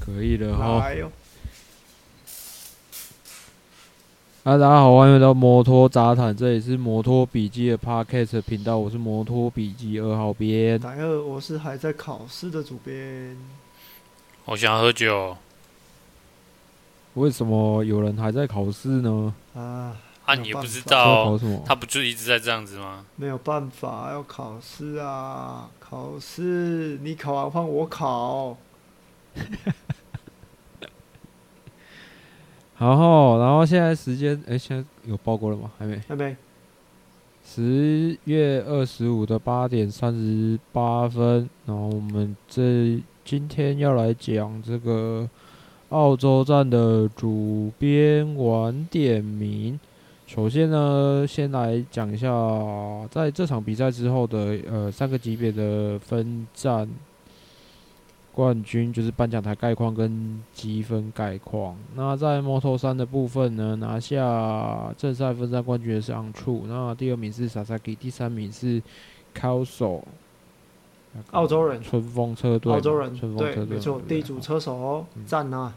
可以了哈、哎。啊，大家好，歡迎來到摩托雜談，這裡是摩托筆記的 podcast 頻道，我是摩托筆記二號編，二我是還在考試的主編。好想喝酒、哦。為什麼有人還在考試呢？啊啊,啊，你不知道,不知道？他不就一直在這樣子嗎？沒有辦法，要考試啊！考試，你考完換我考。哈 哈，吼，然後現在時間，誒、欸，現在有報過了嗎？還沒，還沒。十月二十五的八點三十八分，然後我們這今天要來講這個澳洲站的主編晚點名。首先呢，先來講一下在這場比賽之後的呃三個級別的分站。冠軍就是頒獎臺概況跟積分概況。那在 Moto3 的部分呢，拿下正賽分賽冠軍的是 Öncü，那第二名是 Sasaki，第三名是 Kelso。澳洲人，春風車隊。澳洲人，春風車隊，沒錯。地主車手哦，讚吶、啊！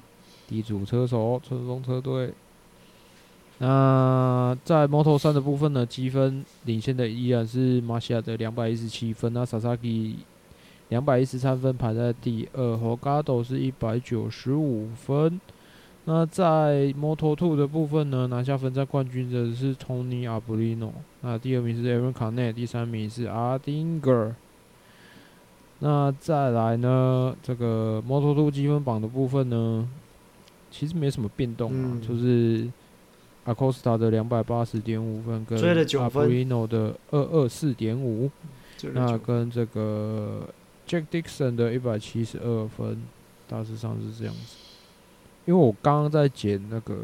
地主車手，春風車隊。那在 Moto3 的部分呢，積分領先的依然是馬西亞的兩百一十七分。那 Sasaki。兩百一十三分排在第二，Holgado 是一百九十五分。那在 Moto2 的部分呢，拿下分站冠軍的是 Tony Arbolino，那第二名是 Aron Canet，第三名是 Ardinger。那再來呢，這個 Moto2 積分榜的部分呢，其實沒什麼變動啊，嗯、就是 Acosta 的兩百八十點五分跟 Arbolino 的二二四點五，那跟這個。Jack Dixon 的一百七十二分，大致上是這樣子。因為我剛剛在剪那個，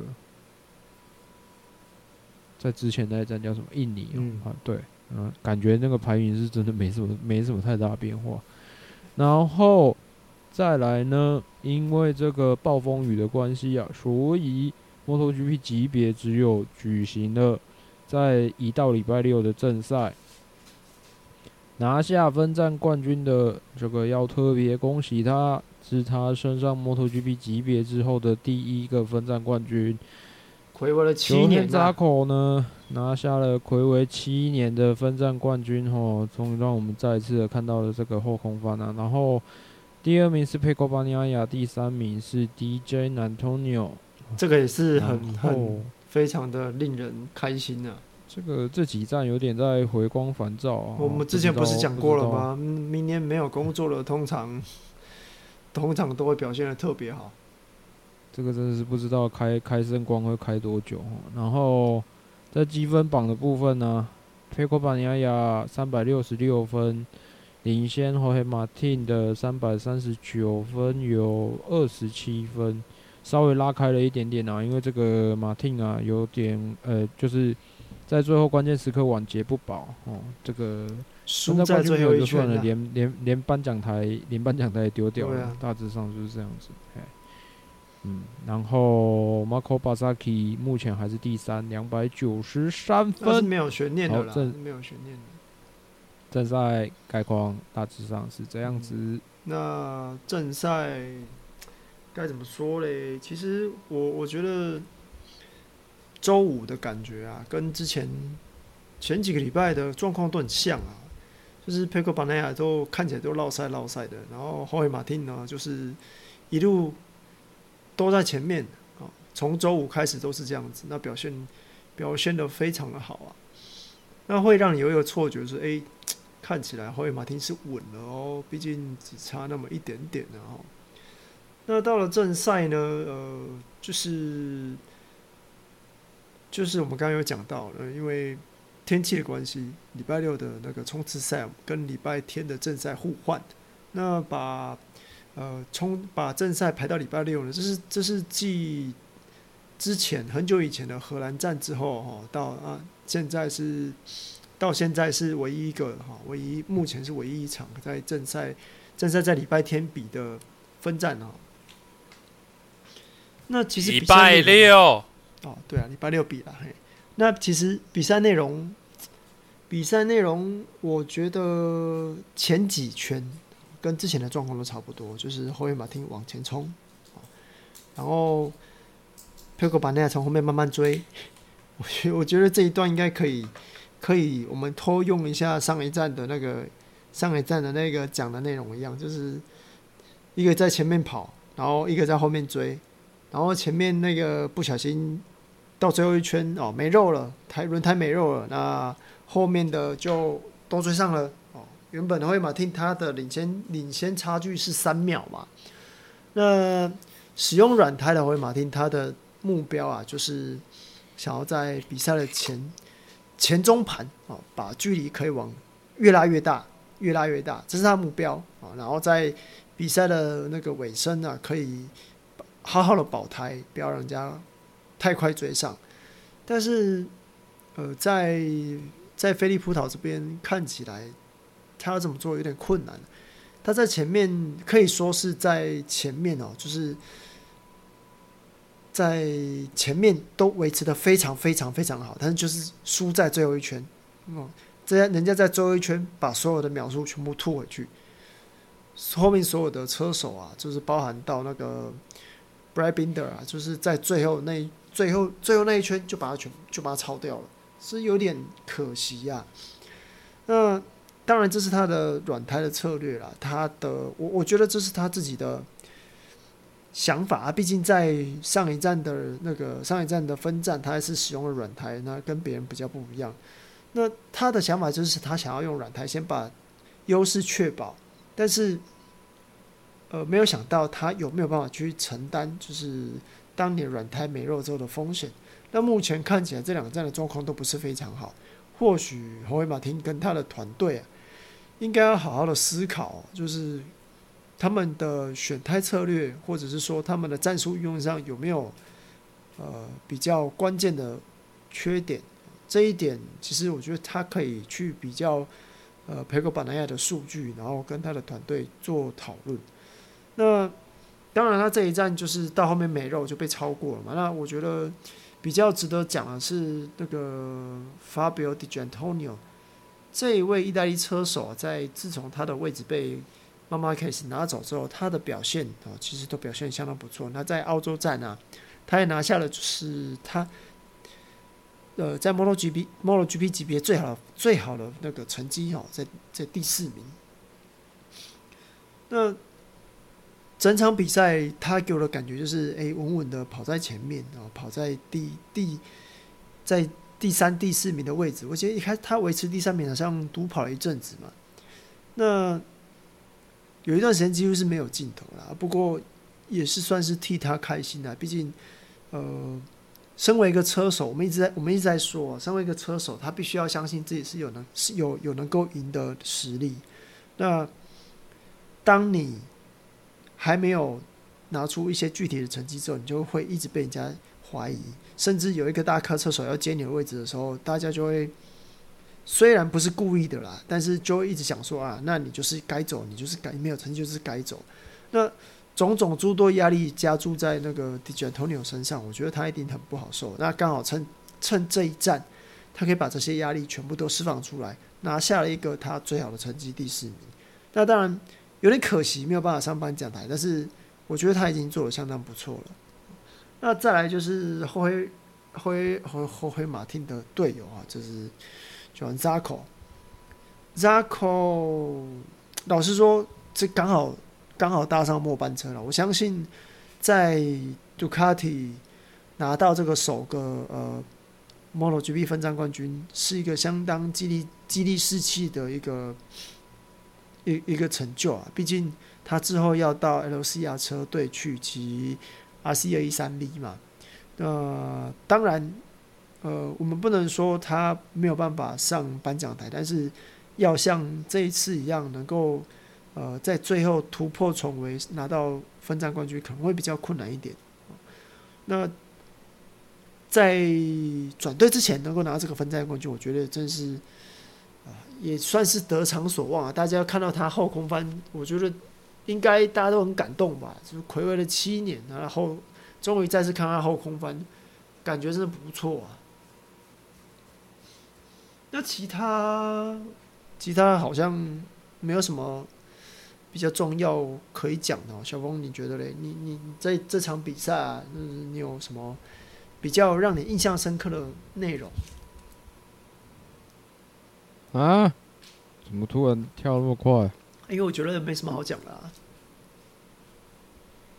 在之前那一站叫什麼印尼啊、嗯？對，嗯、啊，感覺那個排名是真的沒什麼，沒什麼太大的變化。然後再來呢，因為這個暴風雨的關係啊，所以 MotoGP 級別只有舉行了在一到禮拜六的正賽。拿下分站冠軍的這個要特別恭喜他，是他升上 MotoGP 級別之後的第一個分站冠軍。睽違了七年了。扎口呢，拿下了睽違七年的分站冠軍哦，終於讓我們再次的看到了這個後空翻啊！然後第二名是佩科巴尼亞，第三名是 DJ Nantonio。這個也是很很非常的令人開心啊。這個這幾站有點在回光返照啊。我們之前不是講過了嗎？明年沒有工作了，通常通常都會表現得特別好。這個真的是不知道開開聲光會開多久啊。然後在積分榜的部分呢、啊， 佩科巴尼亞亞三百六十六分領先，和黑馬丁的三百三十九分有二十七分，稍微拉開了一點點啊。因為這個馬丁啊，有點呃，就是。在最後關鍵時刻，晚節不保哦。這個輸在最後沒有就算了，啊、連連連頒獎台連頒獎台也丟掉了、啊。大致上就是這樣子。嗯，然後 Marco Bezzecchi 目前還是第三，兩百九十三分，啊、沒有懸念的啦，沒有懸念的。正賽概況大致上是這樣子。嗯、那正賽該怎麼說嘞？其實我我覺得。周五的感覺啊，跟之前前幾個禮拜的狀況都很像啊，就是佩克巴內亞都看起來都落賽落賽的，然後霍伊馬丁呢，就是一路都在前面啊，從周五開始都是這樣子，那表現表現的非常的好啊，那會讓你有一個錯覺、就是，說、欸、誒看起來霍伊馬丁是穩了哦，畢竟只差那麼一點點了哦。那到了正賽呢，呃，就是。就是我們剛剛有講到，嗯，因為天氣的關係，禮拜六的那個衝刺賽跟禮拜天的正賽互換，那把呃衝把正賽排到禮拜六呢，這是這是繼之前很久以前的荷蘭站之後，哈，到啊現在是到現在是唯一一個哈，唯一目前是唯一一場在正賽正賽在禮拜天比的分站哦。那其實禮拜六。哦，對啊，禮拜六比啦嘿。那其實比賽內容，比賽內容，我覺得前幾圈跟之前的狀況都差不多，就是後面馬汀往前衝，然後佩哥巴內亞從後面慢慢追。我覺我覺得這一段應該可以，可以我們偷用一下上一站的那個，上一站的那個講的內容一樣，就是一個在前面跑，然後一個在後面追，然後前面那個不小心。到最後一圈哦，沒肉了，胎、輪胎沒肉了。那後面的就都追上了哦。原本的維馬汀他的領先領先差距是三秒嘛。那使用軟胎的維馬丁他的目標啊，就是想要在比賽的前前中盤哦，把距離可以往越拉越大，越拉越大，這是他的目標啊，哦。然後在比賽的那個尾聲啊，可以好好的保胎，不要讓人家。太快追上，但是，呃，在在菲利普島這邊看起來，他要怎麼做有點困難。他在前面可以說是在前面哦，就是在前面都維持的非常非常非常的好，但是就是輸在最後一圈。哦、嗯，人家人家在最後一圈把所有的秒數全部吐回去，後面所有的車手啊，就是包含到那個 Brad Binder 啊，就是在最後那。最後，最後那一圈就把它全就把它超掉了，是有點可惜呀，啊。那、呃、當然，這是他的軟胎的策略了。他的我我覺得這是他自己的想法啊。畢竟在上一站的那個上一站的分站，他還是使用了軟胎，那跟別人比較不一樣。那他的想法就是他想要用軟胎先把優勢確保，但是呃，沒有想到他有沒有辦法去承擔，就是。當年軟胎沒肉之後的風險，那目前看起來這兩個站的狀況都不是非常好，或許荷黑馬汀跟他的團隊啊，應該要好好的思考，就是他們的選胎策略，或者是說他們的戰術運用上有沒有呃比較關鍵的缺點。這一點其實我覺得他可以去比較呃佩格巴尼亞的數據，然後跟他的團隊做討論。那。當然，他這一站就是到後面沒肉就被超過了嘛。那我覺得比較值得講的是那個 Fabio Di g a n t o n i o 這一位意大利車手，啊，在自從他的位置被 m a m a a 拿走之後，他的表現啊，其實都表現相當不錯。那在澳洲站啊，他也拿下了就是他呃在 Model GP Model GP 級別最好最好的那個成績哦，啊，在在第四名。那。整場比賽，他給我的感覺就是，哎、欸，穩穩的跑在前面啊，跑在第第在第三、第四名的位置。我覺得一開始他維持第三名，好像獨跑了一陣子嘛。那有一段時間幾乎是沒有盡頭了，不過也是算是替他開心的。畢竟，呃，身為一個車手，我們一直在我們一直在說、啊，身為一個車手，他必須要相信自己是有能是有有能夠贏的實力。那當你。還沒有拿出一些具體的成績之後，你就會一直被人家懷疑，甚至有一個大咖車手要接你的位置的時候，大家就會雖然不是故意的啦，但是就會一直想說，啊，那你就是該走，你就是該沒有成績就是該走。那種種諸多壓力加注在那個 Di Giannantonio 身上，我覺得他一定很不好受。那剛好趁趁這一站，他可以把這些壓力全部都釋放出來，拿下了一個他最好的成績第四名。那當然。有點可惜，沒有辦法上頒獎台，但是我覺得他已經做的相當不錯了。那再來就是霍黑霍黑霍黑馬丁的隊友啊，就是就 Johann Zarco，Zarco。Zarco，老實說，這剛好剛好搭上末班車了。我相信在 Ducati 拿到這個首個呃，MotoGP 分站冠軍，是一個相當激勵激勵士氣的一個。一一個成就啊，畢竟他之後要到 LCR 車隊去騎 RC 二一三 V 嘛。那當然，呃，我們不能說他沒有辦法上頒獎臺，但是要像這一次一樣能，能夠呃在最後突破重圍拿到分站冠軍，可能會比較困難一點。那在轉隊之前能夠拿到這個分站冠軍，我覺得真是。也算是得償所望啊！大家看到他後空翻，我覺得應該大家都很感動吧？就睽違了七年，然後終於再次看到他後空翻，感覺真的不錯啊！那其他其他好像沒有什麼比較重要可以講的。小峰，你覺得嘞？你你在這場比賽，啊，嗯、就是，你有什麼比較讓你印象深刻的內容？啊！怎麼突然跳那麼快？因、哎、為我覺得沒什麼好講的，啊嗯。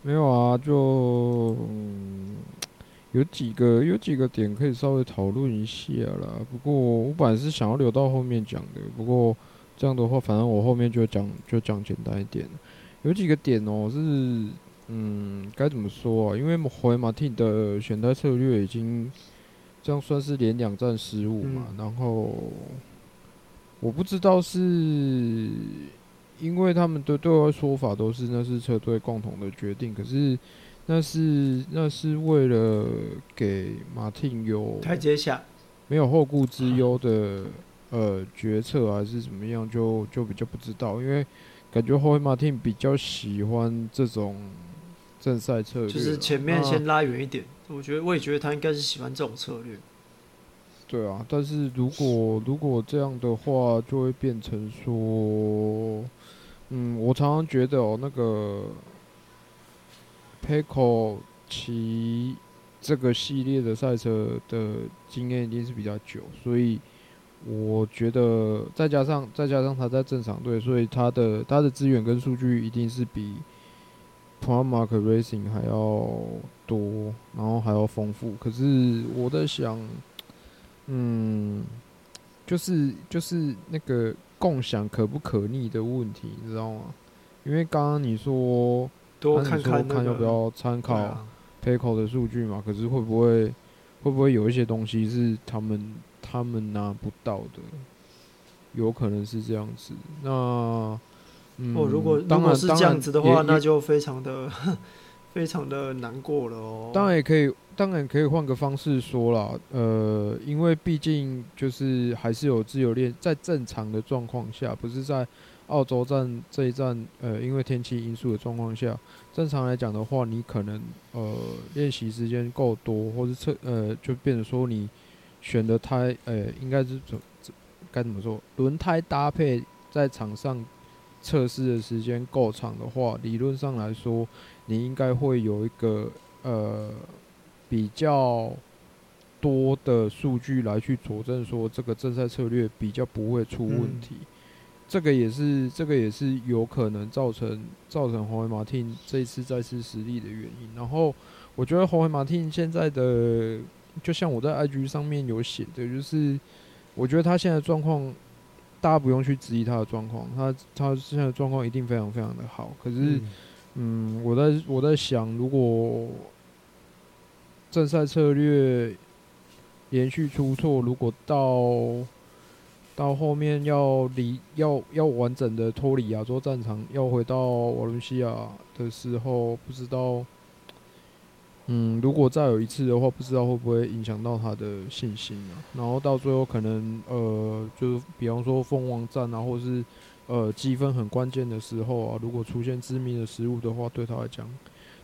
沒有啊，就、嗯、有幾個、有幾個點可以稍微討論一下了。不過我本來是想要留到後面講的。不過這樣的話，反正我後面就講，就講簡單一點。有幾個點哦、喔，是嗯，該怎麼說啊？因為回馬丁的選胎策略已經這樣算是連兩戰失誤嘛、嗯，然後。我不知道是因為他們的對外說法都是，那是車隊共同的決定，可是那是那是為了給馬汀有台階下，沒有後顧之憂的呃決策還是怎麼樣，就就比較不知道，因為感覺後面馬汀比較喜歡這種正賽策略，就是前面先拉遠一點，啊，我覺得我也覺得他應該是喜歡這種策略。對啊，但是如果如果這樣的話，就會變成說，嗯，我常常覺得哦、喔，那個 Pecco 騎這個系列的賽車的經驗一定是比較久，所以我覺得再加上再加上他在正常隊，所以他的他的資源跟數據一定是比 Pramac Racing 還要多，然後還要豐富。可是我在想。嗯，就是就是那個共享可不可逆的問題，你知道嗎？因為剛剛你說，多看看，那個、看要不要參考 PayCall 的數據嘛，啊？可是會不會會不會有一些東西是他們他們拿不到的？有可能是這樣子。那，嗯、哦，如果如果，當然如果是這樣子的話，那就非常的。 非常的難過了哦、喔。當然也可以，當然可以換個方式說啦。呃，因為畢竟就是還是有自由練，在正常的狀況下，不是在澳洲站這一站，呃，因為天氣因素的狀況下，正常來講的話，你可能呃練習時間夠多，或者測呃就變得說你選的胎，呃，應該是怎怎該怎麼說？輪胎搭配在場上測試的時間夠長的話，理論上來說。你應該會有一個呃比較多的數據來去佐證說這個正賽策略比較不會出問題，嗯、這個也是這個也是有可能造成造成紅海馬汀這一次再次失利的原因。然後我覺得紅海馬汀現在的就像我在 IG 上面有寫的，就是我覺得他現在狀況大家不用去質疑他的狀況，他他現在的狀況一定非常非常的好，可是。嗯嗯，我在我在想，如果正賽策略連續出錯，如果到到後面要離要要完整的脫離亞洲戰場，要回到瓦倫西亞的時候，不知道，嗯，如果再有一次的話，不知道會不會影響到他的信心啊？然後到最後可能呃，就是比方說鳳凰戰啊，或是。呃，積分很關鍵的時候啊，如果出現致命的失誤的話，對他來講，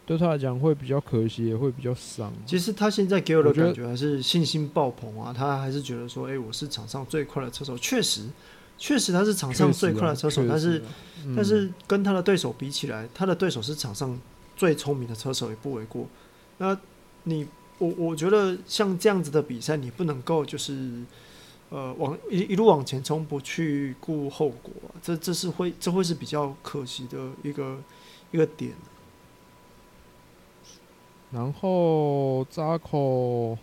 對他來講會比較可惜，也會比較傷、啊。其實他現在給我的感覺還是信心爆棚啊，他還是覺得說，哎、欸，我是場上最快的車手。確實，確實他是場上最快的車手，啊、但是、啊嗯，但是跟他的對手比起來，他的對手是場上最聰明的車手也不為過。那你，你我我覺得像這樣子的比賽，你不能夠就是。呃，往一一路往前衝，不去顧後果，啊，這這是會這會是比較可惜的一個一個點。然後扎口，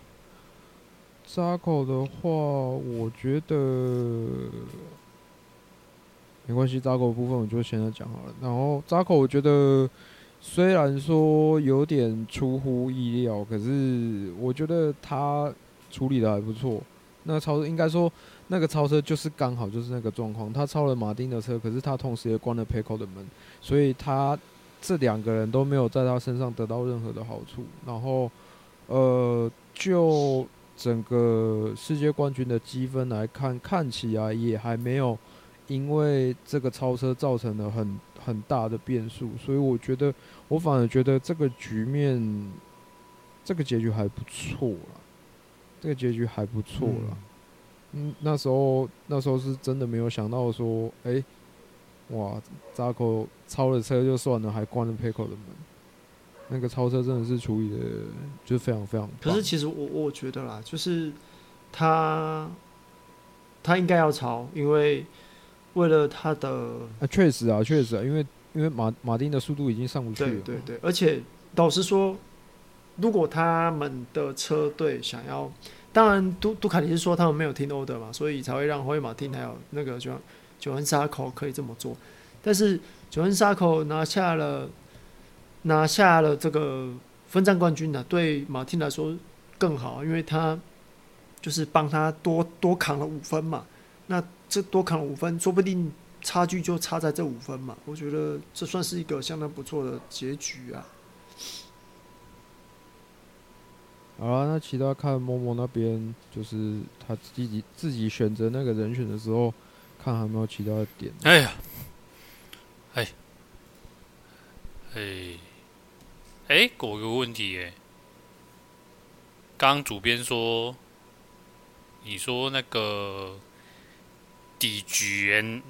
扎口的話，我覺得沒關係。扎口的部分我就先來講好了。然後扎口，我覺得雖然說有點出乎意料，可是我覺得他處理的還不錯。那超車應該說，那個超車就是剛好就是那個狀況，他超了馬丁的車，可是他同時也關了佩科的門，所以他這兩個人都沒有在他身上得到任何的好處。然後，呃，就整個世界冠軍的積分來看，看起來也還沒有因為這個超車造成了很很大的變數，所以我覺得我反而覺得這個局面，這個結局還不錯啦這個結局還不錯啦。嗯，嗯，那時候那時候是真的沒有想到說，誒，哇，扎克超了車就算了，還關了佩克的門，那個超車真的是處理的就非常非常。可是其實我我覺得啦，就是他他應該要超，因為為了他的。啊，確實啊，確實啊，因為因為馬馬丁的速度已經上不去了，對對對，而且老實說。如果他們的車隊想要，當然杜杜卡迪是說他們沒有聽 order 嘛，所以才會讓霍伊馬丁還有那個九九安沙口可以這麼做。但是九安沙口拿下了拿下了這個分站冠軍呢，啊，對馬丁來說更好，因為他就是幫他多多扛了五分嘛。那這多扛了五分，說不定差距就差在這五分嘛。我覺得這算是一個相當不錯的結局啊。.好啦，那其他看默默那邊，就是他自己自己選擇那個人選的時候，看還有沒有其他的點。哎呀，哎，哎，哎，我有個問題耶。剛主編說，你說那個第卷，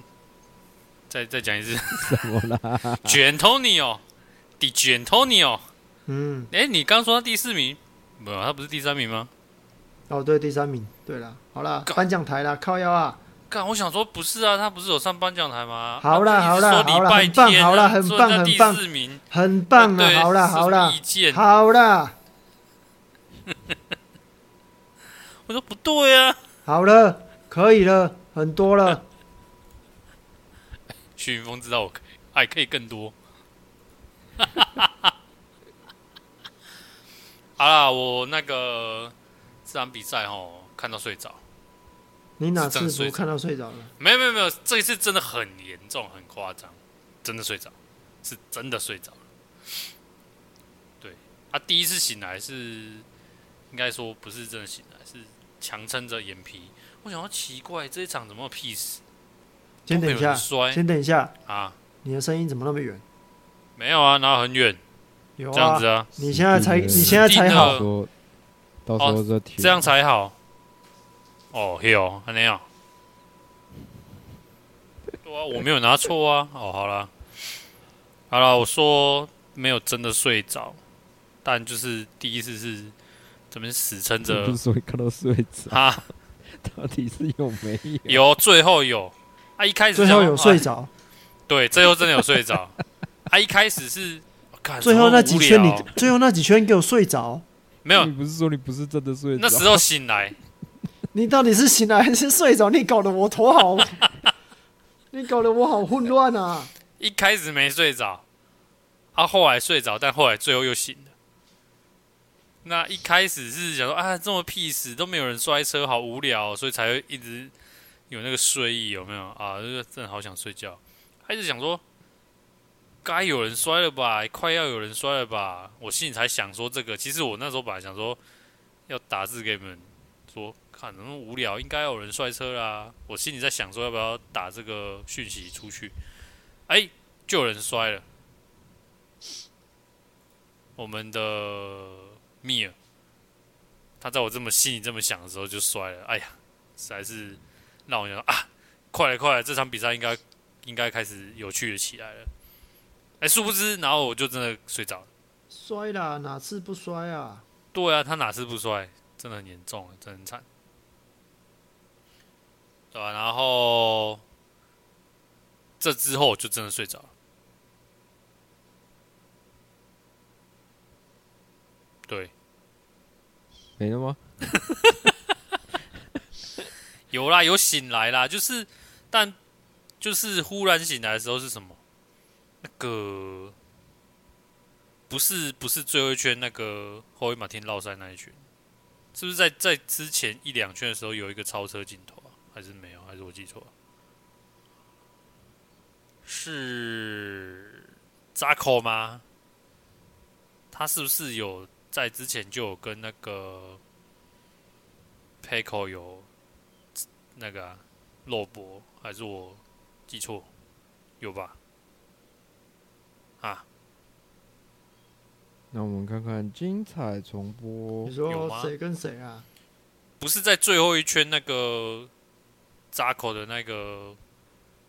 再再講一次什麼卷 Tony 哦，Giantonio，第卷 Tony 哦。嗯。哎，你剛說他第四名？不，他不是第三名嗎？哦，對，第三名。對了，好了，頒獎台了，靠腰啊！剛，我想說，不是啊，他不是有上頒獎台嗎？好啦，好啦，好啦很棒，好啦很棒，很棒，很棒啊！好啦，好啦，好啦。 我說不對啊！好了，可以了，很多了。許雲峰知道我可以，還可以更多。哈哈哈哈。好、啊、啦，我那個這場比賽哦，看到睡着。你哪次看到睡着了？沒有沒有沒有，這一次真的很嚴重，很誇張，真的睡着，是真的睡着了。對，他、啊、第一次醒來是，應該說不是真的醒來，是強撐着眼皮。我想要奇怪這一場怎麼有屁事？先等一下，先等一下啊！你的聲音怎麼那麼遠？沒有啊，哪有很遠？啊、這樣子啊，你現在才你現在才好，到時候再提。哦，這樣才好。哦，有，哦，還有、啊。有 啊，我沒有拿錯啊。哦，好了，好了，我說沒有真的睡着，但就是第一次是這邊死撐着，不是說看到睡着 到底是有沒有？有，最後有。他、啊、一開始就有睡着、哎。對，最後真的有睡着。他、 啊、一開始是。最後那幾圈你，最後那幾圈給我睡着，沒有？你不是說你不是真的睡著？那時候醒來 ，你到底是醒來還是睡着？你搞得我頭好， 你搞得我好混亂啊！一開始沒睡着，啊，後來睡着，但後來最後又醒了。那一開始是想說啊，這麼 peace 都沒有人摔車，好無聊哦，所以才會一直有那個睡意，有沒有啊？就真的好想睡覺，還是想說？該有人摔了吧，欸，快要有人摔了吧。我心裡才想說這個。其實我那時候本來想說要打字給你們說，看，不能無聊，應該有人摔車啦。我心裡在想說，要不要打這個訊息出去？哎，欸，就有人摔了。我們的 Mir 他在我這麼心裡這麼想的時候就摔了。哎呀，實在是讓我覺得啊，快來快來，這場比賽應該應該開始有趣的起來了。哎，殊不知，然後我就真的睡着了。摔啦，哪次不摔啊？對啊，他哪次不摔？真的很嚴重啊，真的很慘。對吧，啊？然後這之後就真的睡着了。對，沒了嗎？ 有啦，有醒來啦，就是，但就是忽然醒來的時候是什麼？那個不是不是最後一圈那個後一馬丁繞山那一圈，是不是在在之前一兩圈的時候有一個超車鏡頭啊？還是沒有？還是我記錯？是扎口嗎？他是不是有在之前就有跟那個 PECO 有那個肉搏？還是我記錯？有吧？啊，那我們看看精彩重播。你說誰跟誰啊？不是在最後一圈那個 Zarco 的那個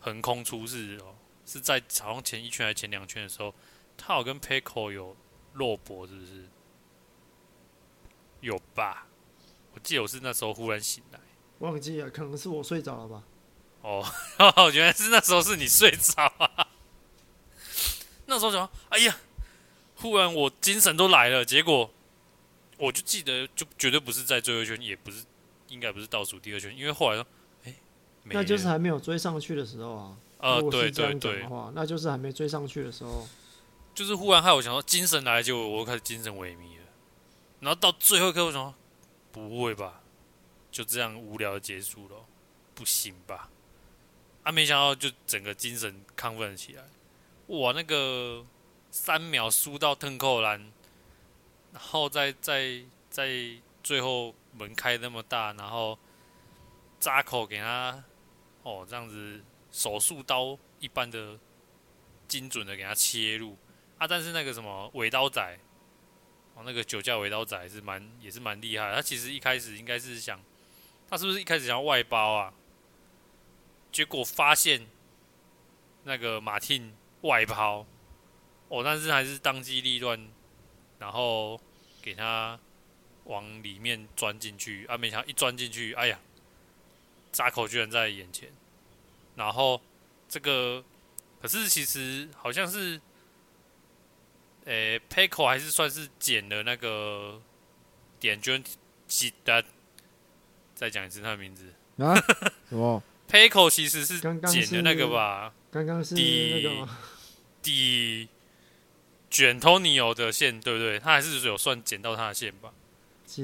橫空出世哦，是在朝前一圈還是前兩圈的時候，他有跟 Pecco 有肉搏，是不是？有吧？我記得我是那時候忽然醒來，忘記了，可能是我睡着了吧。哦， 原來是那時候是你睡着啊。那時候想，哎呀，忽然我精神都來了，結果我就記得，就絕對不是在最後一圈，也不是，應該不是倒數第二圈，因為後來說，哎、欸，沒，那就是還沒有追上去的時候啊。啊、呃，對，對對對，那就是還沒追上去的時候，就是忽然害我想說，精神來，我就我開始精神萎靡了，然後到最後一刻，我想說，不會吧，就這樣無聊的結束了，不行吧？啊，沒想到就整個精神亢奮起來。哇，那個三秒輸到騰扣籃，然後再再再最後門開那麼大，然後扎口給他哦，這樣子手術刀一般的精準的給他切入啊！但是那個什麼尾刀仔，哦，那個酒駕尾刀仔是蠻也是蠻厲害的。他其實一開始應該是想，他是不是一開始想要外包啊？結果發現那個馬丁。外拋，哦，但是還是當機立斷，然後給他往裡面鑽進去、啊。沒想到一鑽進去，哎呀，扎口居然在眼前。然後這個可是其實好像是，誒、欸、，Peco 還是算是撿了那個點，卷記得再講一次他的名字啊。Peco 其實是撿的那個吧？剛剛是，是那個迪賈托尼歐的線對不對？他還是有算剪到他的線吧？剪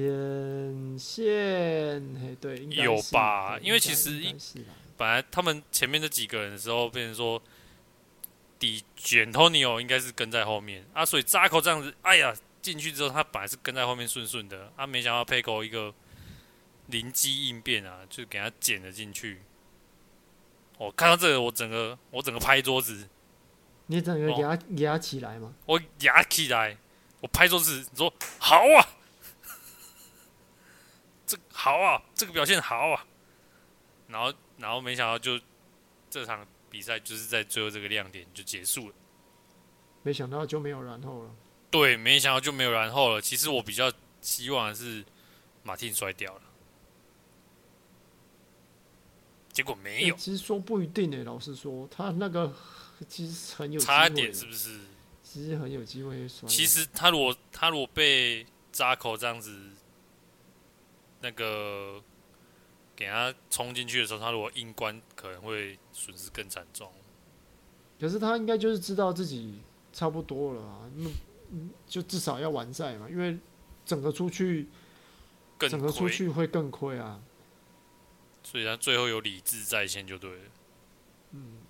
線，嘿對，應該是，對，有吧？因為其實本來他們前面這幾個人的時候，變成說迪賈托尼歐應該是跟在後面啊，所以扎口這樣子，哎呀，進去之後他本來是跟在後面順順的，他、啊、沒想到佩哥一個靈機應變啊，就給他剪了進去。我、哦、看到這個，我整個我整個拍桌子。你整個給壓、哦、起來嗎？我壓起來，我拍桌子你說：“好啊， 這好啊，這個表現好啊！”然後，然後沒想到就這場比賽就是在最後這個亮點就結束了。沒想到就沒有然後了。對，沒想到就沒有然後了。其實我比較希望的是馬丁摔掉了，結果沒有。欸、其實說不一定誒、欸，老實說，他那個。其實很有，差點是不是？其實很有機會。其實他如果他如果被扎口，這樣子，那個給他衝進去的時候，他如果硬關，可能會損失更慘重。可是他應該就是知道自己差不多了啊，那那就至少要完賽嘛，因為整個出去整個出去會更虧啊。所以他最後有理智在線就對了。嗯。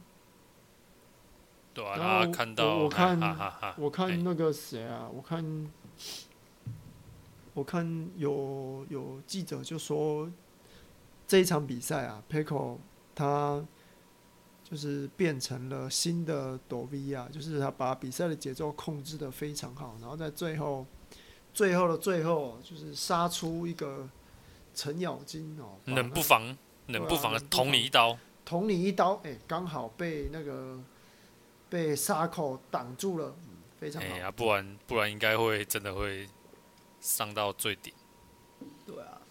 對啊，看到，我，我看哈哈哈哈我看那個誰啊？哎、我看我看有有記者就說，這一場比賽啊，Peco 他就是變成了新的 Dovi 啊，就是他把比賽的節奏控制得非常好，然後在最後最後的最後，就是殺出一個程咬金哦，冷不防冷不防、啊、冷不防捅你一刀，捅你一刀，哎、欸，剛好被那個。被沙口擋住了，嗯、非常好、欸啊。不然不然應該會真的會上到最頂。對啊，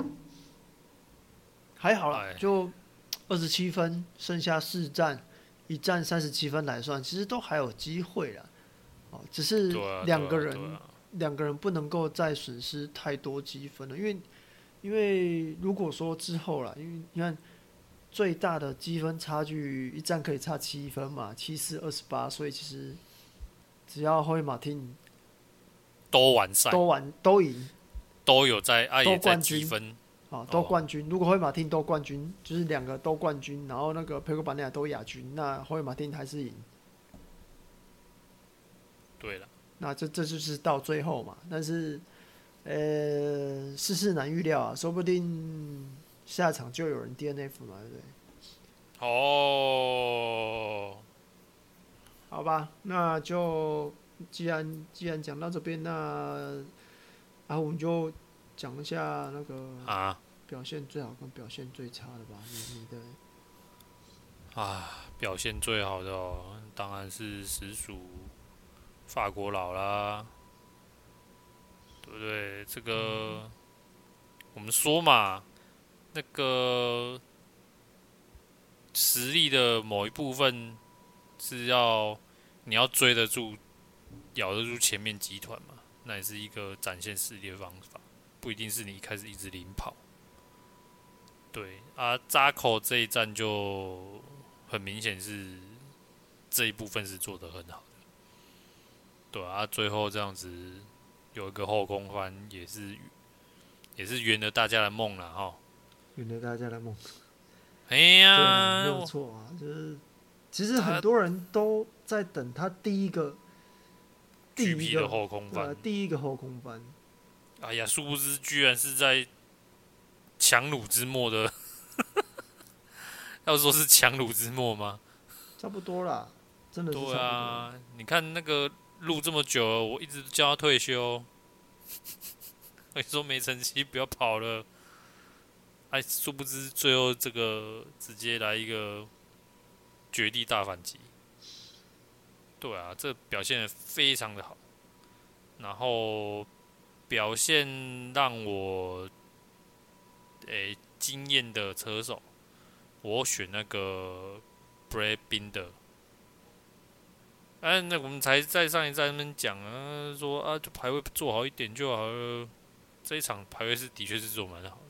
還好啦，啊欸、就二十七分，剩下四站，一站三十七分來算，其實都還有機會啦。哦，只是兩個人兩、啊啊啊啊、個人不能夠再損失太多積分了，因為因為如果說之後啦，因為你看。最大的積分差距，一站可以差七分嘛，七四二十八，所以其實只要 Hoy Martin 都完賽，都完都贏，都有在愛也在積分啊，都冠軍。啊、都冠軍，哦哦，如果 Hoy Martin 都冠軍，就是兩個都冠軍，然後那個佩克巴尼亞都亞軍，那 Hoy Martin 還是贏。對了，那這這就是到最後嘛，但是呃、欸，世事難預料啊，說不定，下場就有人 DNF 嘛，對不對？哦，好吧，那就既然既然講到這邊，那啊，我們就講一下那個啊，表現最好跟表現最差的吧，啊、你你對對？啊，表現最好的哦，當然是實屬法國佬啦，對不對？這個、嗯、我們說嘛。嗯那個實力的某一部分是要你要追得住、咬得住前面集團嘛，那也是一個展現實力的方法，不一定是你一開始一直領跑。對啊，Zarco 這一站就很明顯是這一部分是做得很好的。對啊，最後這樣子有一個後空翻，也是也是圓了大家的夢了哈。圓了大家的夢。哎呀，對，沒有錯啊，就是其實很多人都在等他第一個 GP 的後空翻、啊，第一個後空翻。哎呀，殊不知居然是在強弩之末的。要 說是強弩之末嗎？差不多啦，真的是差不多。對啊，你看那個錄這麼久了，我一直叫他退休，說 沒成績不要跑了。哎、啊，殊不知，最後這個直接來一個絕地大反擊。對啊，這表現的非常的好，然後表現讓我哎，欸，驚豔的車手，我選那個 Brad Binder。哎、欸，那我們才在上一站他們講啊，說啊，就排位做好一點就好了。這一場排位是的確是做蠻好的。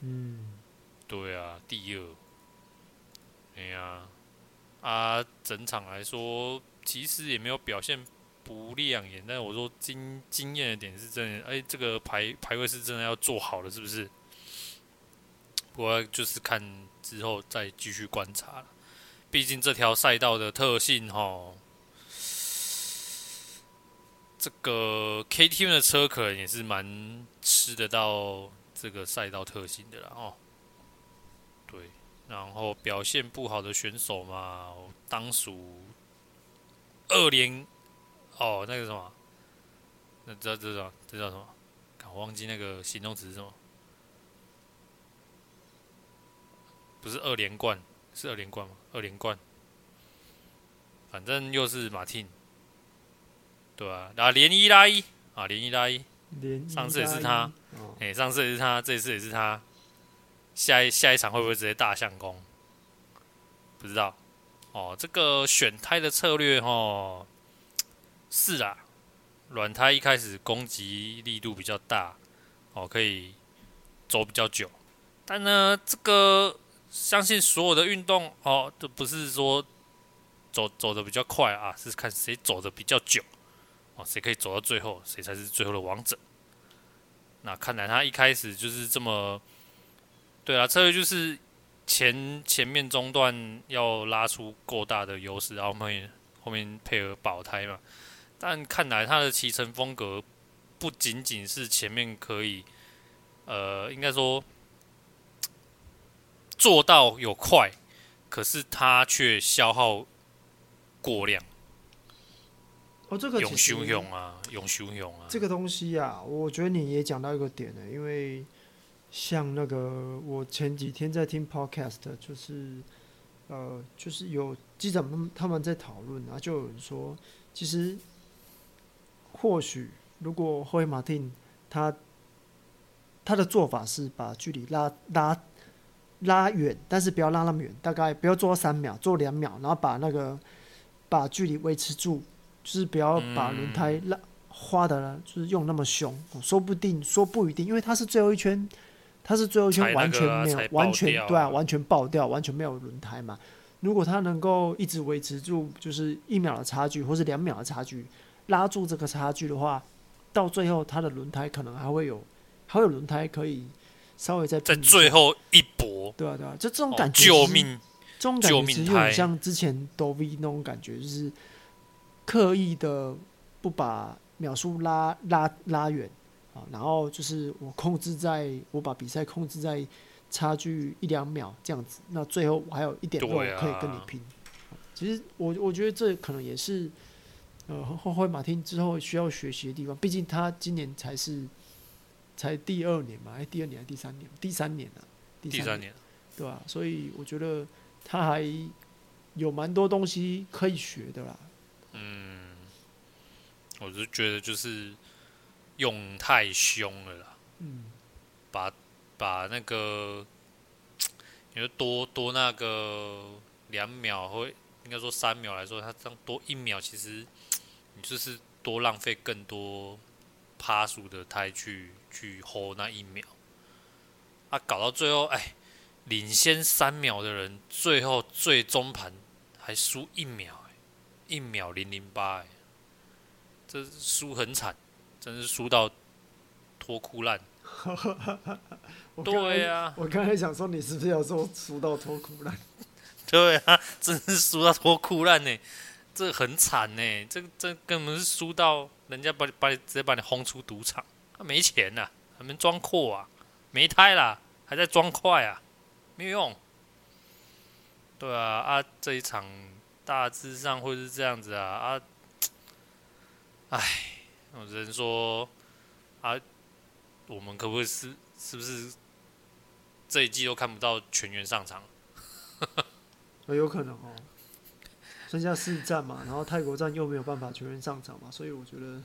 嗯，對啊，第二，哎呀、啊，啊，整場來說其實也沒有表現不亮眼，但我說驚驚豔的點是真的，哎，這個排排位是真的要做好了，是不是？不過就是看之後再繼續觀察了，畢竟這條賽道的特性哈，這個 KTM 的車可能也是蠻吃得到。這個賽道特性的了哦，對，然後表現不好的選手嘛，我當屬二連哦，那個什麼，那這這這這叫什麼？我忘記那個形容詞是什麼？不是二連冠，是二連冠嗎？二連冠，反正又是馬汀，對啊，那、啊、連一拉一啊連一拉一，連一拉一，上次也是他。哎、欸，上次也是他，這次也是他。下一下一場會不會直接大象攻？不知道。哦，這個選胎的策略，哦，是啊，軟胎一開始攻擊力度比較大，哦，可以走比較久。但呢，這個相信所有的運動，哦，都不是說走走的比較快啊，是看誰走的比較久，哦，誰可以走到最後，誰才是最後的王者。那看來他一開始就是這麼，對啊，策略就是前前面中段要拉出夠大的優勢，然後後面後面配合保胎嘛。但看來他的騎乘風格不僅僅是前面可以，呃，應該說做到有快，可是他卻消耗過量。哦，這個，永修雄啊，永修雄啊！這個東西啊，我覺得你也講到一個點了、欸，因為像那個我前幾天在聽 podcast，就是呃，就是有記者們他們在討論、啊，然後就有人說，其實或許如果後衛馬丁他他的做法是把距離拉拉拉遠，但是不要拉那麼遠，大概不要做到三秒，做兩秒，然後把那個把距離維持住。就是不要把輪胎拉花的了，就是用那麼凶、嗯，說不定說不一定，因為它是最後一圈，它是最後一圈完全沒有、啊、完全對啊，完全爆掉，完全沒有輪胎嘛。如果它能夠一直維持住，就是一秒的差距，或是兩秒的差距，拉住這個差距的話，到最後它的輪胎可能還會有，還有輪胎可以稍微再在最後一搏，對啊對啊，就這種感覺是、哦，救命，救命，這種感覺其實有點像之前多威那種感覺，就是。刻意的不把秒數拉拉拉遠啊，然後就是我控制在，我把比賽控制在差距一兩秒這樣子。那最後我還有一點多可以跟你拼。啊、其實我我覺得這可能也是呃，後會馬丁之後需要學習的地方。畢竟他今年才是才第二年嘛，還、欸、第二年還是第三年？第三年了、啊，第三年，對吧、啊？所以我覺得他還有蠻多東西可以學的啦。我就覺得就是用太凶了啦，嗯，把把那個你，你說多多那個兩秒或應該說三秒來說，他這樣多一秒，其實你就是多浪費更多趴數的胎去去 hold 那一秒，啊，搞到最後，哎，領先三秒的人最後最終盤還輸一秒，欸，一秒零零八誒。這輸很慘，真是輸到脫褲爛。對 呀剛才， 我剛才想說，你是不是要說輸到脫褲爛？ 對啊，真是輸到脫褲爛呢，這很慘呢，這這根本是輸到人家把把你直接把你轟出賭場，他、啊、沒錢啊，還沒裝闊啊，沒胎啦，還在裝快啊，沒有用。對啊，啊，這一場大致上會是這樣子啊，啊。唉，我只能說，啊，我們可不可以是是不是這一季又看不到全員上場 呃，有可能哦，剩下四站嘛，然後泰國站又沒有辦法全員上場嘛，所以我覺得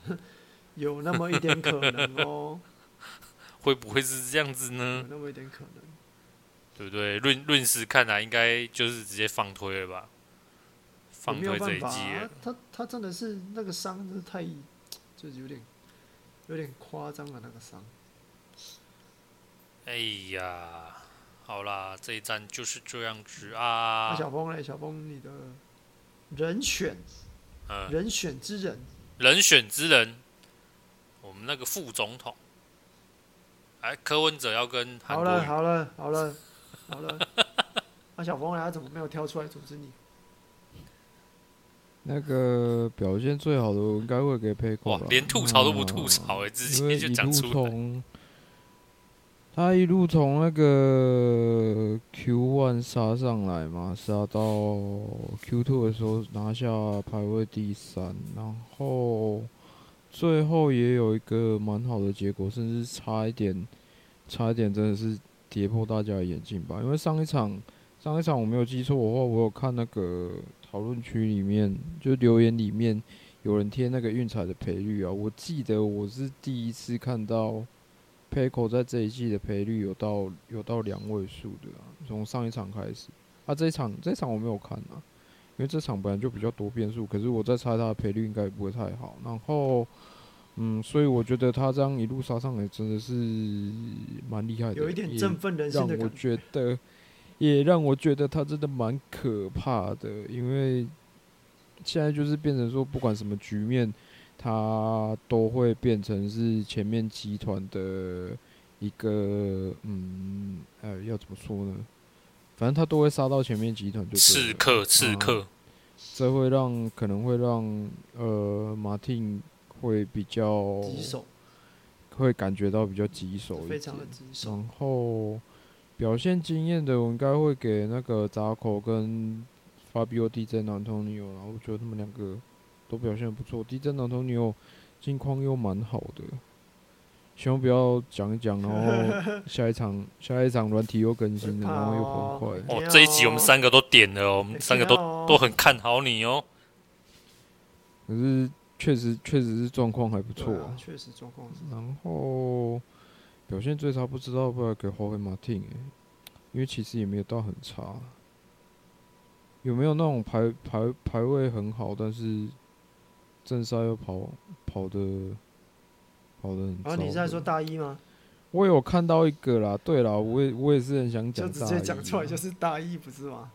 有那麼一點可能哦。 會不會是這樣子呢？有那麼一點可能。對不對，對？論論事看來，應該就是直接放推了吧。我沒有辦法、啊，他他真的是那個傷，真的太，就是有點，有點誇張了那個傷。哎呀，好啦，這一站就是這樣子啊。阿、啊、小峰哎，小峰，你的人選、嗯，人選之人，人選之人，我們那個副總統，哎，柯文哲要跟韓國瑜。好了，好了，好了，好了。阿、 啊、小峰哎，他怎麼沒有挑出來組織你？那個表現最好的，我應該會給配控吧。哇，連吐槽都不吐槽，欸，直接就講出來。因為一路，他一路從那個 Q 1殺上來嘛，殺到 Q 2的時候拿下排位第三，然後最後也有一個蠻好的結果，甚至差一點，差一點真的是跌破大家的眼鏡吧。因為上一場，上一場我沒有記錯的話，我，我有看那個。討論區裡面就留言裡面有人貼那個運彩的賠率啊，我記得我是第一次看到，Pecco 在這一季的賠率有到有到兩位數的啊，從上一場開始。啊，這一場這一場我沒有看啊，因為這場本來就比較多變數，可是我在猜他的賠率應該也不會太好。然後，嗯，所以我覺得他這樣一路殺上來真的是蠻厲害的，有一點振奮人心的感覺。也讓我覺得他真的蠻可怕的，因為現在就是變成說，不管什麼局面，他都會變成是前面集團的一個，嗯，呃、哎，要怎麼說呢？反正他都會殺到前面集團，就刺客，刺客，這會讓可能會讓呃，馬汀會比較棘手，會感覺到比較棘手一點，非常的棘手，然後。表現驚豔的，我應該會給那個 Zarco 跟 Fabio Di Giannantonio，然後我覺得他們兩個都表現不錯，Di Giannantonio 近況又蠻好的，希望不要講一講，然後下一場 下一場軟體又更新了，喔，然後又很快。哦，喔，這一集我們三個都點了，喔，我們三個都都很看好你哦，喔。可是確實確實是狀況還不錯，確，啊，實狀況是。然後。表現最差不知道不要給華為馬丁欸，因為其實也沒有到很差。有沒有那種排排排位很好，但是正賽又跑跑，得跑得的跑的很？啊，你現在說大一嗎？我也有看到一個啦。對啦，我也我也是很想講。就直接講出來，就是大一，不是嗎？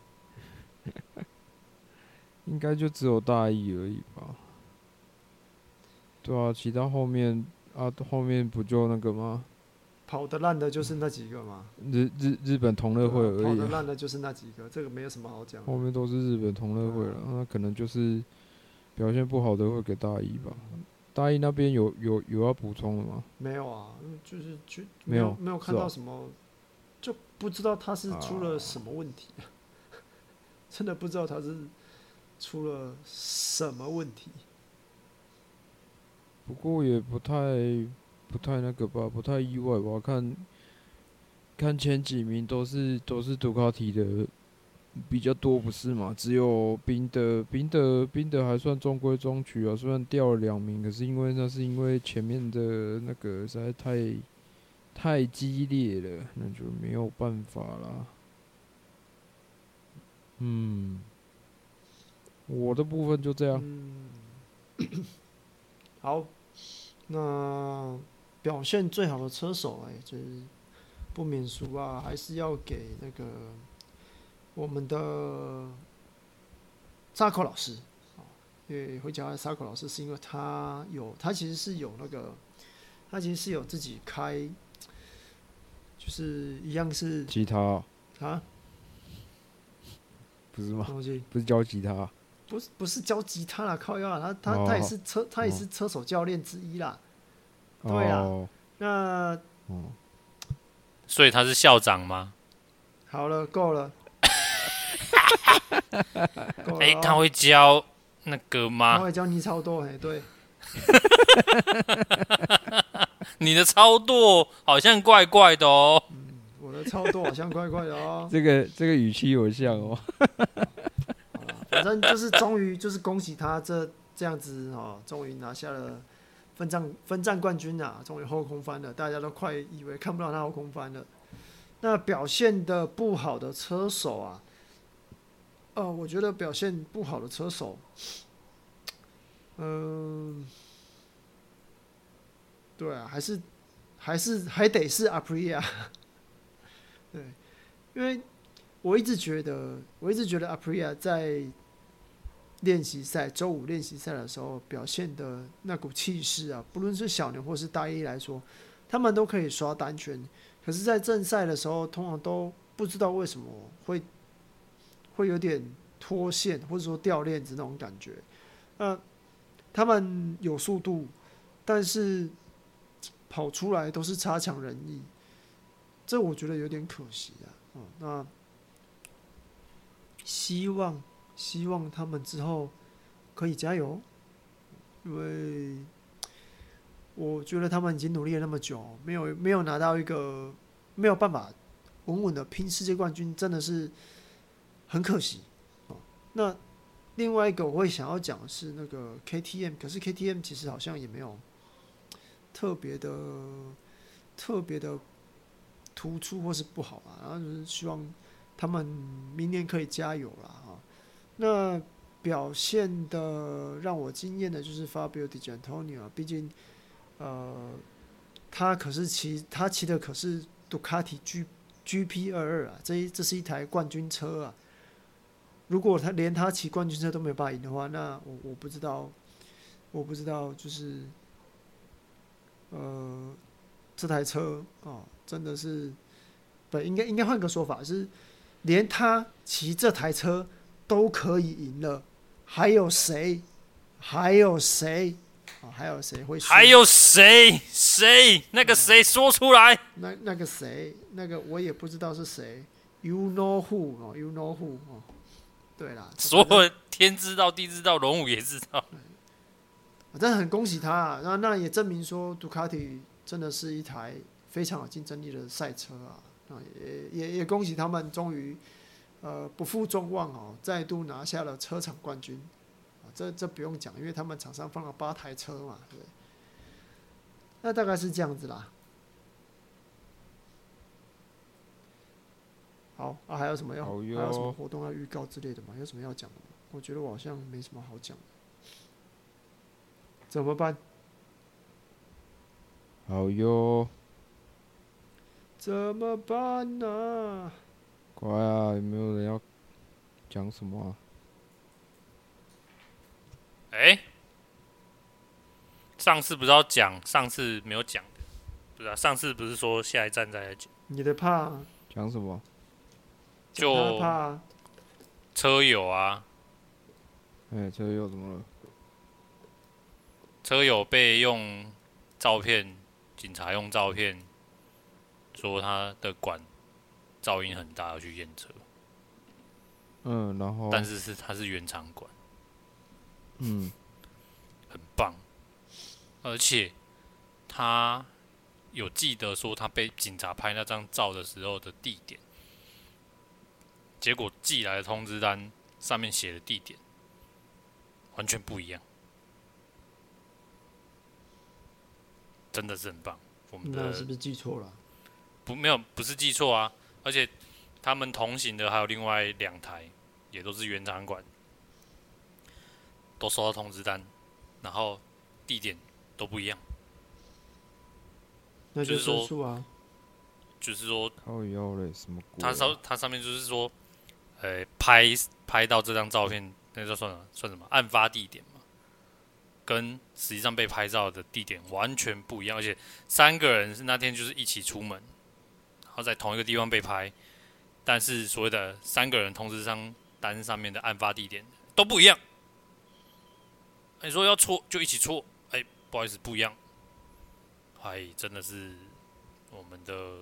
應該就只有大一而已吧。對啊，其他後面啊，後面不就那個嗎？跑得爛的就是那幾個嘛，日日日本同樂會而已。啊、跑得爛的就是那幾個，這個沒有什麼好講。後面都是日本同樂會了、啊，那可能就是表現不好的會給大一吧。嗯、大一那邊有有有要補充的嗎？沒有啊，就是沒有沒有,沒有看到什麼，就不知道他是出了什麼問題，啊、 真的不知道他是出了什麼問題。不過也不太。不太那個吧，不太意外吧？看看前幾名都是都是杜卡提的比較多，不是嘛？只有賓德賓德賓德還算中規中矩啊，雖然掉了兩名，可是因為那是因為前面的那個實在太太激烈了，那就沒有辦法了。嗯，我的部分就這樣。 好，那。表現最好的車手、欸，哎，就是不免俗啊，還是要給那個我們的沙克老師啊。因為會教沙克老師，喔、老師是因為他有，他其實是有那個，他其實是有自己開，就是一樣是吉他啊，啊，不是嗎？不是教吉他，啊，不是不是教吉他啦，啊，靠腰啦，他他他也是車，他也是車手教練之一啦。哦哦對啊，那所以他是校長嗎？好了，夠了。哎、 欸，他會教那個嗎？他會教你操作哎，對。 你的操作好像怪怪的哦、喔嗯。我的操作好像怪怪的哦、喔。這個這個語氣有點像哦、喔 。反正就是終於就是恭喜他這這樣子哦、喔，終於拿下了。分站分站冠軍啊，終於後空翻了！大家都快以為看不到他後空翻了。那表現的不好的車手啊，哦、呃，我覺得表現不好的車手，嗯、呃，對啊，還是還是還得是 Aprilia，對，因為我一直覺得，我一直覺得 Aprilia 在。練習賽週五練習賽的時候表現的那股氣勢啊，不論是小牛或是大一來說，他們都可以刷單圈，可是，在正賽的時候，通常都不知道為什麼會會有點脫線，或者說掉鏈子那種感覺。那、呃、他們有速度，但是跑出來都是差強人意，這我覺得有點可惜啊。嗯、那希望。希望他們之後可以加油，因為我覺得他們已經努力了那麼久，沒有沒有拿到一個沒有辦法穩穩的拼世界冠軍，真的是很可惜。那另外一個我會想要講的是那個 KTM，可是 KTM 其實好像也沒有特別的特別的突出或是不好啊。然後就是希望他們明年可以加油啦。那表現的讓我驚艷的就是 Fabio Di Giannantonio 畢竟，呃，他可是騎他騎的可是杜卡迪 G G P 二二啊，這一這是一台冠軍車啊。如果他連他騎冠軍車都沒有辦法贏的話，那我我不知道，我不知道，就是、呃，這台車啊、哦，真的是不應該應該換個說法是，連他騎這台車。都可以贏了，還有誰？還有誰？啊、哦，還有誰會輸還有誰？誰？那個誰？說出來。 那那個誰？那個我也不知道是誰。You know who？哦，You know who？哦，對啦，所有天知道，地知道，龍五也知道。啊，真的很恭喜他、啊，那那也證明說 Ducati 真的是一台非常有競爭力的賽車啊！啊、嗯，也也也恭喜他們終於。呃，不負眾望哦，再度拿下了車廠冠軍，啊，這這不用講，因為他們場上放了八台車嘛，對不對？那大概是這樣子啦。好啊，還有什麼要好還有什麼活動要預告之類的嗎？有什麼要講的嗎？我覺得我好像沒什麼好講的。怎麼辦？好喲。怎麼辦呢、啊？乖啊，有沒有人要講什麼啊？哎、欸，上次不知道講，上次沒有講的，不知道、啊、上次不是說下一站再來講？你的怕？講什麼？就車友啊。哎、欸，車友怎麼了？車友被用照片，警察用照片說他的管，噪音很大，要去驗車。嗯，然後但是是它是原廠管，嗯，很棒。而且他有記得說他被警察拍那張照的時候的地點，結果寄來的通知單上面寫的地點完全不一樣，真的是很棒。我們的那是不是記錯了？不，沒有，不是記錯啊。而且他們同行的還有另外兩台，也都是原廠管，都收到通知單，然後地點都不一樣。那就是說、啊，就是說。啊、他上他上面就是說，呃、欸，拍拍到這張照片，那就算什麼？算什麼？案發地點嘛，跟實際上被拍照的地點完全不一樣。而且三個人是那天就是一起出門，在同一個地方被拍，但是所謂的三個人通知上單上面的案發地點都不一樣。你、欸、說要錯就一起錯，哎、欸，不好意思，不一樣。哎、欸，真的是我們的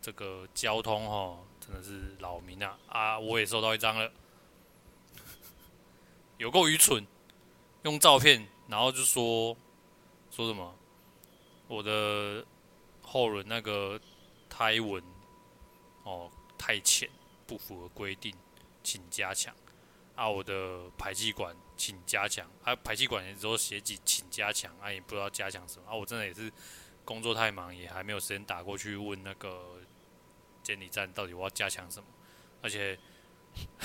這個交通哦，真的是擾民啊！啊，我也收到一張了， 有夠愚蠢，用照片然後就說說什麼？我的後輪那個。胎紋哦，太淺不符合規定，請加強。啊，我的排氣管請加強。啊，排氣管也只寫請加強。啊，也不知道加強什麼。啊，我真的也是工作太忙，也還沒有時間打過去問那個監理站到底我要加強什麼。而且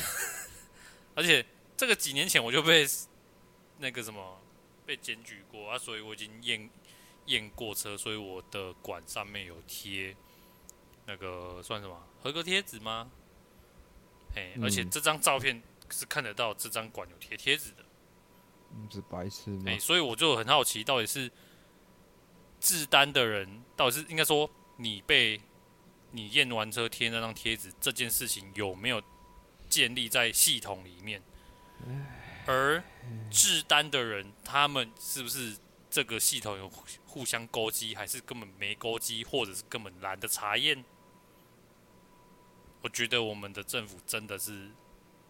而且這個幾年前我就被那個什麼被檢舉過啊，所以我已經驗驗過車，所以我的管上面有貼。那個算什麼合格貼紙嗎？哎、欸嗯，而且這張照片是看得到這張管有貼貼紙的，是白痴。哎、欸，所以我就很好奇，到底是制單的人，到底是應該說你被你驗完車貼那張貼紙這件事情有沒有建立在系統裡面？而制單的人他們是不是這個系統有互相勾稽，還是根本沒勾稽，或者是根本懶得查驗？我覺得我們的政府真的是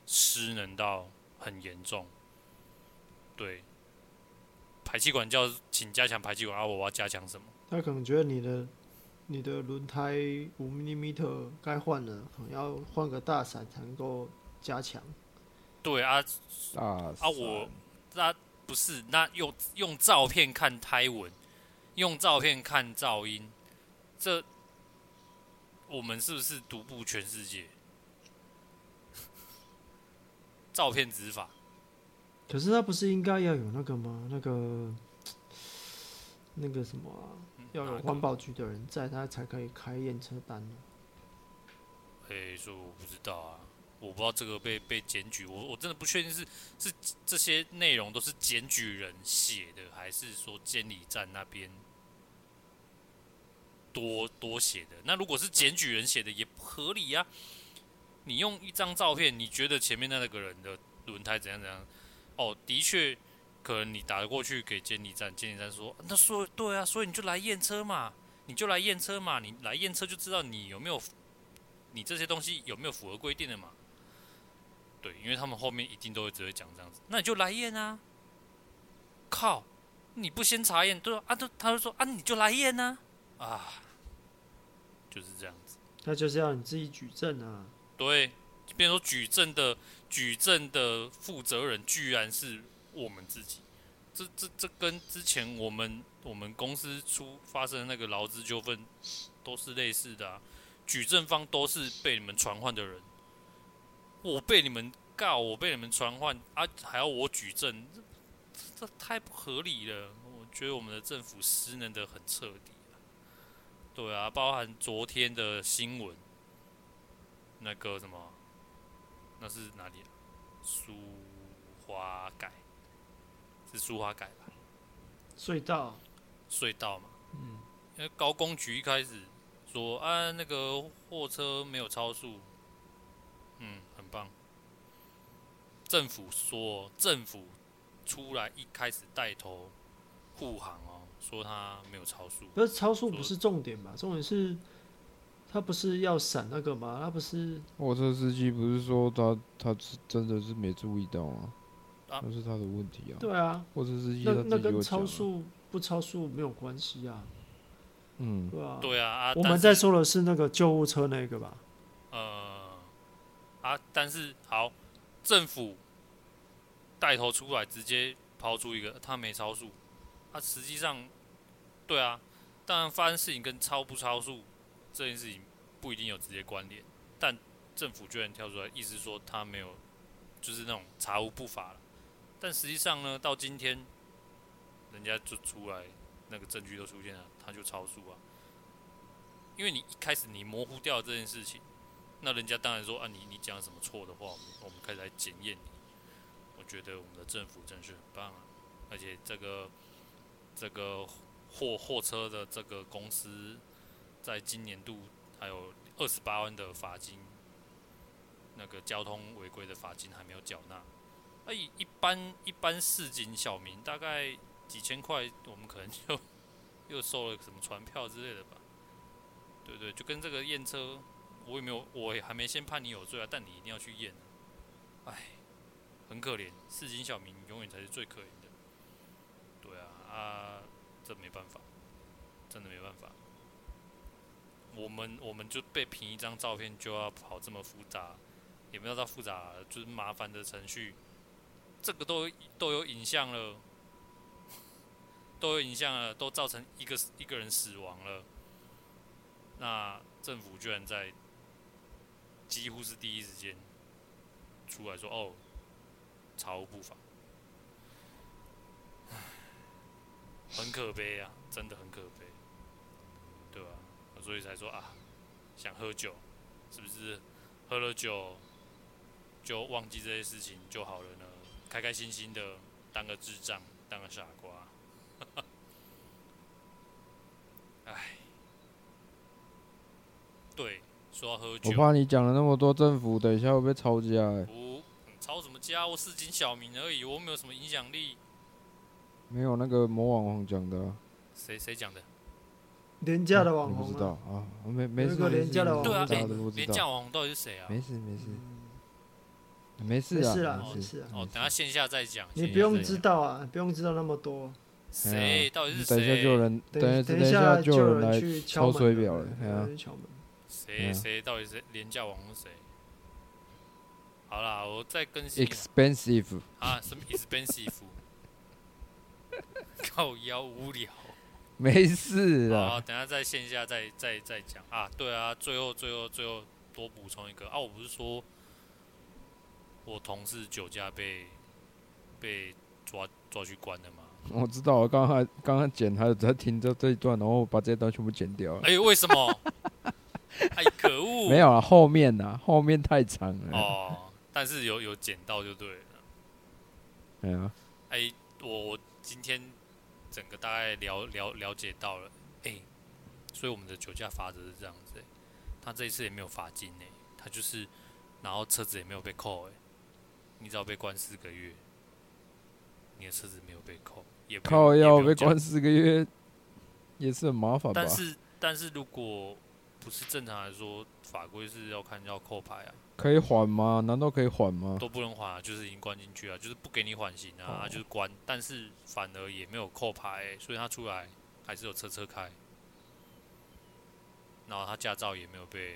失能到很嚴重。對，排氣管叫請加強排氣管，然、啊、我要加強什麼？他可能覺得你的你的輪胎五 m 米 m 該換了，要換個大傘才能夠加強。對啊啊啊！我那、啊、不是那、啊、用用照片看胎紋，用照片看噪音，這。我們是不是獨步全世界？ 照片執法？可是他不是應該要有那個嗎？那個那個什麼、啊嗯，要有環保局的人在他才可以開驗車單。哎、嗯，說、那個、我不知道啊，我不知道這個被被檢舉，我我真的不確定是是這些內容都是檢舉人寫的，還是說監理站那邊？多多寫的，那如果是檢舉人寫的也不合理呀、啊。你用一張照片，你覺得前面那那個人的輪胎怎樣怎樣？哦，的確，可能你打過去給監理站，監理站說，啊、那說對啊，所以你就來驗車嘛，你就來驗車嘛，你來驗車就知道你有沒有，你這些東西有沒有符合規定的嘛？對，因為他們後面一定都會只會講這樣子，那你就來驗啊。靠，你不先查驗，對啊，他就說啊，你就來驗呢啊。啊就是這樣子，他就是要你自己舉證啊。對，變成說舉證的舉證的負責人居然是我們自己，這這這跟之前我們我們公司出發生的那個勞資糾紛都是類似的啊，舉證方都是被你們傳喚的人，我被你們告，我被你們傳喚啊，還要我舉證，這這，這太不合理了，我覺得我們的政府失能的很徹底。對啊，包含昨天的新聞，那個什麼，那是哪裡啊？蘇花改是蘇花改吧？隧道隧道嘛，嗯，因為高工局一開始說啊，那個貨車沒有超速，嗯，很棒，政府說政府出來一開始帶頭護航啊，說他沒有超速，可是超速不是重點吧？重點是他不是要閃那個嗎？他不是貨車司機，不是說他他是真的是沒注意到嗎、啊？那是他的問題啊。對啊，貨車司機他那那跟超速不超速沒有關係啊。嗯，對啊，對啊。啊我們在說的是那個救護車那個吧？呃，啊，但是好，政府帶頭出來直接拋出一個，他沒超速。他、啊、實際上，對啊，當然發生事情跟超不超速這件事情不一定有直接關聯，但政府居然跳出來，意思說他沒有，就是那種查無不法了。但實際上呢，到今天，人家就出來那個證據都出現了，他就超速啊。因為你一開始你模糊掉這件事情，那人家當然說啊，你你講什麼錯的話，我們，我們開始來檢驗你。我覺得我們的政府真是很棒啊，而且這個。這個貨貨車的這個公司，在今年度還有二十八萬的罰金，那個交通違規的罰金還沒有繳納。哎，一般一般市井小民大概幾千塊，我們可能就又收了什麼傳票之類的吧？對對，就跟這個驗車，我也沒有，我還沒先判你有罪啊，但你一定要去驗啊。哎，很可憐，市井小民永遠才是最可憐。啊，這沒辦法，真的沒辦法。我們我們就被憑一張照片就要跑這麼複雜，也不知道他複雜就是麻煩的程序，這個都都有影像了，都有影像了，都造成一個一個人死亡了。那政府居然在幾乎是第一時間出來說：“哦，查無不法。”很可悲呀、啊，真的很可悲，對吧、啊？所以才說啊，想喝酒，是不是喝了酒就忘記這些事情就好了呢？開開心心的當個智障，當個傻瓜。哎，對，說要喝酒。我怕你講了那麼多政府，等一下會被抄家、欸。我抄什麼家？我市井小民而已，我沒有什麼影響力。沒有那個魔網紅講的、啊，誰誰講的？廉、啊、價的網紅啊，不知道啊，沒沒事，廉、那、價、個、的網紅講的，對啊、家不廉價、欸、網紅到底是誰啊？沒事沒事，沒事沒事啦，沒事哦、喔啊喔，等下線下再講，你不用知道啊，啊，不用知道那麼多。誰、啊？到底是誰？等一等一下就有人來敲水表了，有人去敲門來水誰誰、啊啊？到底誰？廉價網紅誰？好了，我再更新。Expensive 啊，什麼 expensive？ 靠腰，無聊，沒事啊。等下在線下再再再講啊。對啊，最後最後最後多補充一個啊。我不是說我同事酒駕被被抓抓去關了嗎？我知道我，我剛剛剛剛剪，他有在聽着這、這一段，然後把這些段全部剪掉了。哎、欸，為什麼？ 哎，可惡啊！沒有啊，後面呢？後面太長了哦。但是有有剪到就對了。沒哎、啊欸，我。我今天整個大概了了了解到了，哎、欸，所以我們的酒駕罰則是這樣子，欸，他這一次也沒有罰金哎、欸，他就是，然後車子也沒有被扣誒、欸，你只要被關四個月，你的車子沒有被扣，也扣要被關四個月也是很麻煩吧？但是但是如果不是正常來說，法規是要看要扣牌啊。可以緩嗎？難道可以緩嗎？都不能緩、啊，就是已經關進去啊，就是不給你緩刑啊、哦、啊，就是關。但是反而也沒有扣牌、欸，所以他出來還是有車車開，然後他駕照也沒有被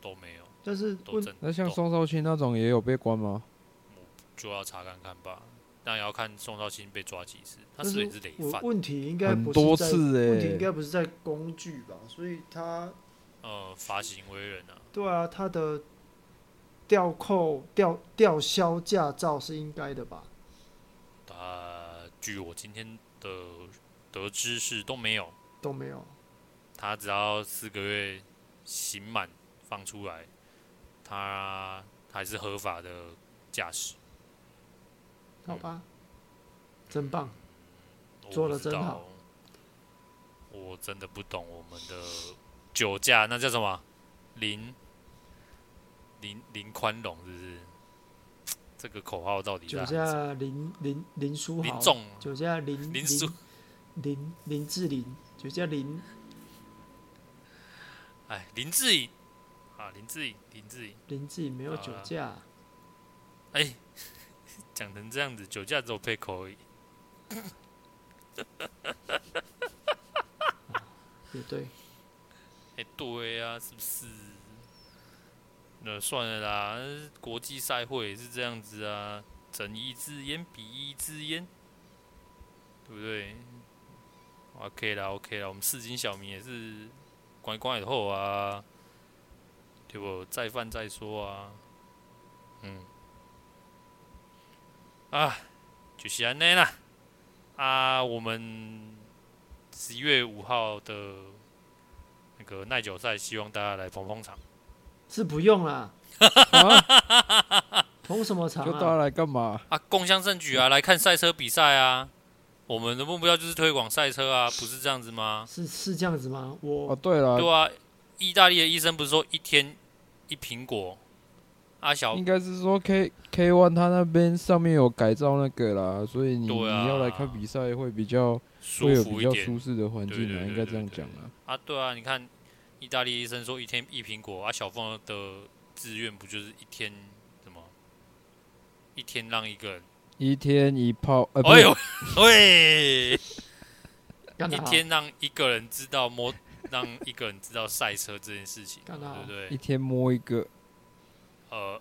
都沒有。但是那像宋少卿那種也有被關嗎？就要查看看吧，但也要看宋少卿被抓幾次。他是不是，也是累犯問題應該不是很多次、欸、問題應該不是在工具吧，所以他。呃，行為人呢、啊？對啊，他的吊扣、吊吊銷駕照是應該的吧？他、啊、據我今天的得知是都沒有，都沒有。他只要四個月刑滿放出來，他還是合法的駕駛。好吧，嗯、真棒，嗯、做得真好。我真的不懂我們的。酒駕那叫什麼？林林林寬容是不是？這個口號到底？酒駕林林林書豪林總。酒駕林林書，林林，林，林，林志玲，酒駕林。哎，林志穎，啊林志穎林志穎林志穎沒有酒駕、啊。哎、啊，講成這樣子，酒駕都配可以、 啊。也對。欸、對啊，是不是？那算了啦，國際賽會也是這樣子啊，睜一隻眼閉一隻眼，對不對？OK 啦，OK 啦，我們市井小民也是乖乖的後啊，對不對？再犯再說啊，嗯，啊，就是安尼啦，啊，我們十一月五號的。個耐久賽，希望大家來捧捧場，是不用啦，啊、 捧什麼場、啊？就大家來幹嘛？啊，共襄盛舉啊，來看賽車比賽啊。 我們的目標就是推廣賽車啊，不是這樣子嗎？是是這樣子嗎？我啊，對啦，對啊，意大利的醫生不是說一天一蘋果？阿、啊、小應該是說 K K One 他那邊上面有改造那個啦，所以你、啊、你要來看比賽會比較舒服，比較舒適的環境啊，對對對對對對對，應該這樣講啊。啊，對啊，你看。意大利醫生說一天一蘋果，啊，小鳳的志願不就是一天什麼？一天讓一個人一天一炮、呃、哎呦喂！哎、呦 一天讓一個人知道摸，讓一個人知道賽車這件事情嘛。幹得好，對不對？一天摸一個。呃，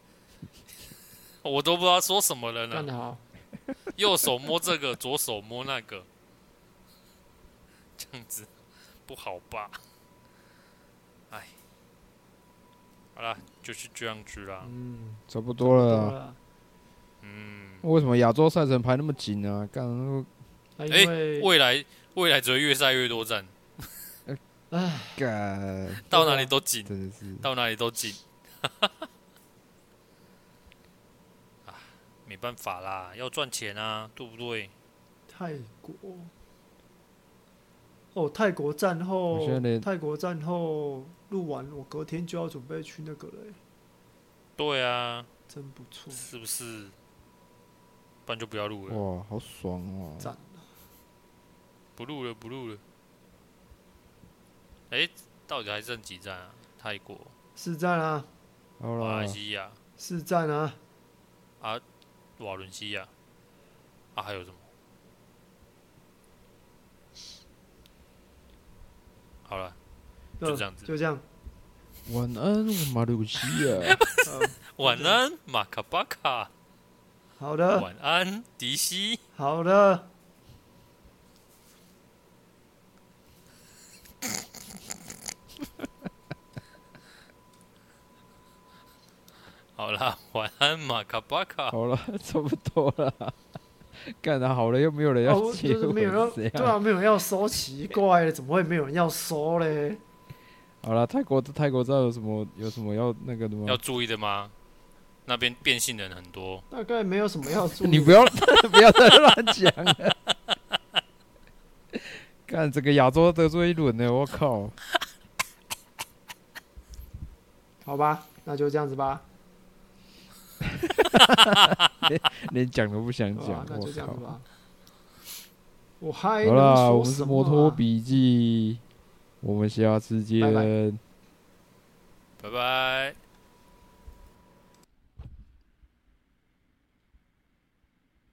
我都不知道說什麼了呢。幹得好 右手摸這個，左手摸那個，這樣子。不好吧？哎，好了，就是這樣子啦。嗯，差不多了。嗯。為什麼亞洲賽程排那麼緊呢、啊？幹！哎，未來未來只會越賽越多站。哎，幹！到哪裡都緊、啊，真的是到哪裡都緊。 沒辦法啦，要賺錢啊，對不對？泰國。哦，泰國戰後，泰國戰後錄完，我隔天就要準備去那個了、欸。對啊，真不錯，是不是？不然就不要錄了。哇，好爽哦、啊啊！不錄了，不錄了。哎、欸，到底還剩幾站啊？泰國四站啊，瓦倫西亞四站啊，啊，啊，瓦倫西亞，啊還有什麼？好了，就這樣子，就這樣。 晚安，馬六七呀！晚安，瑪卡巴卡。好的。晚安，迪西。好的。 好了，晚安，瑪卡巴卡。好了，差不多了。幹的、啊、好了，又沒有人要切，哦就是、沒有要對啊，沒有人要說，奇怪了， 怎麼會沒有人要說嘞？好了，泰國，泰國這有什麼，有什麼要那個的嗎？要注意的嗎？那邊變性人很多，大概沒有什麼要注意。 你不要 不要再亂講了，幹 這個亞洲得罪一輪呢！我靠， 好吧，那就這樣子吧。哈哈哈哈哈！連講都不想講，我靠、啊，好啦，我們是摩托筆記，拜拜，我們下次見，拜拜。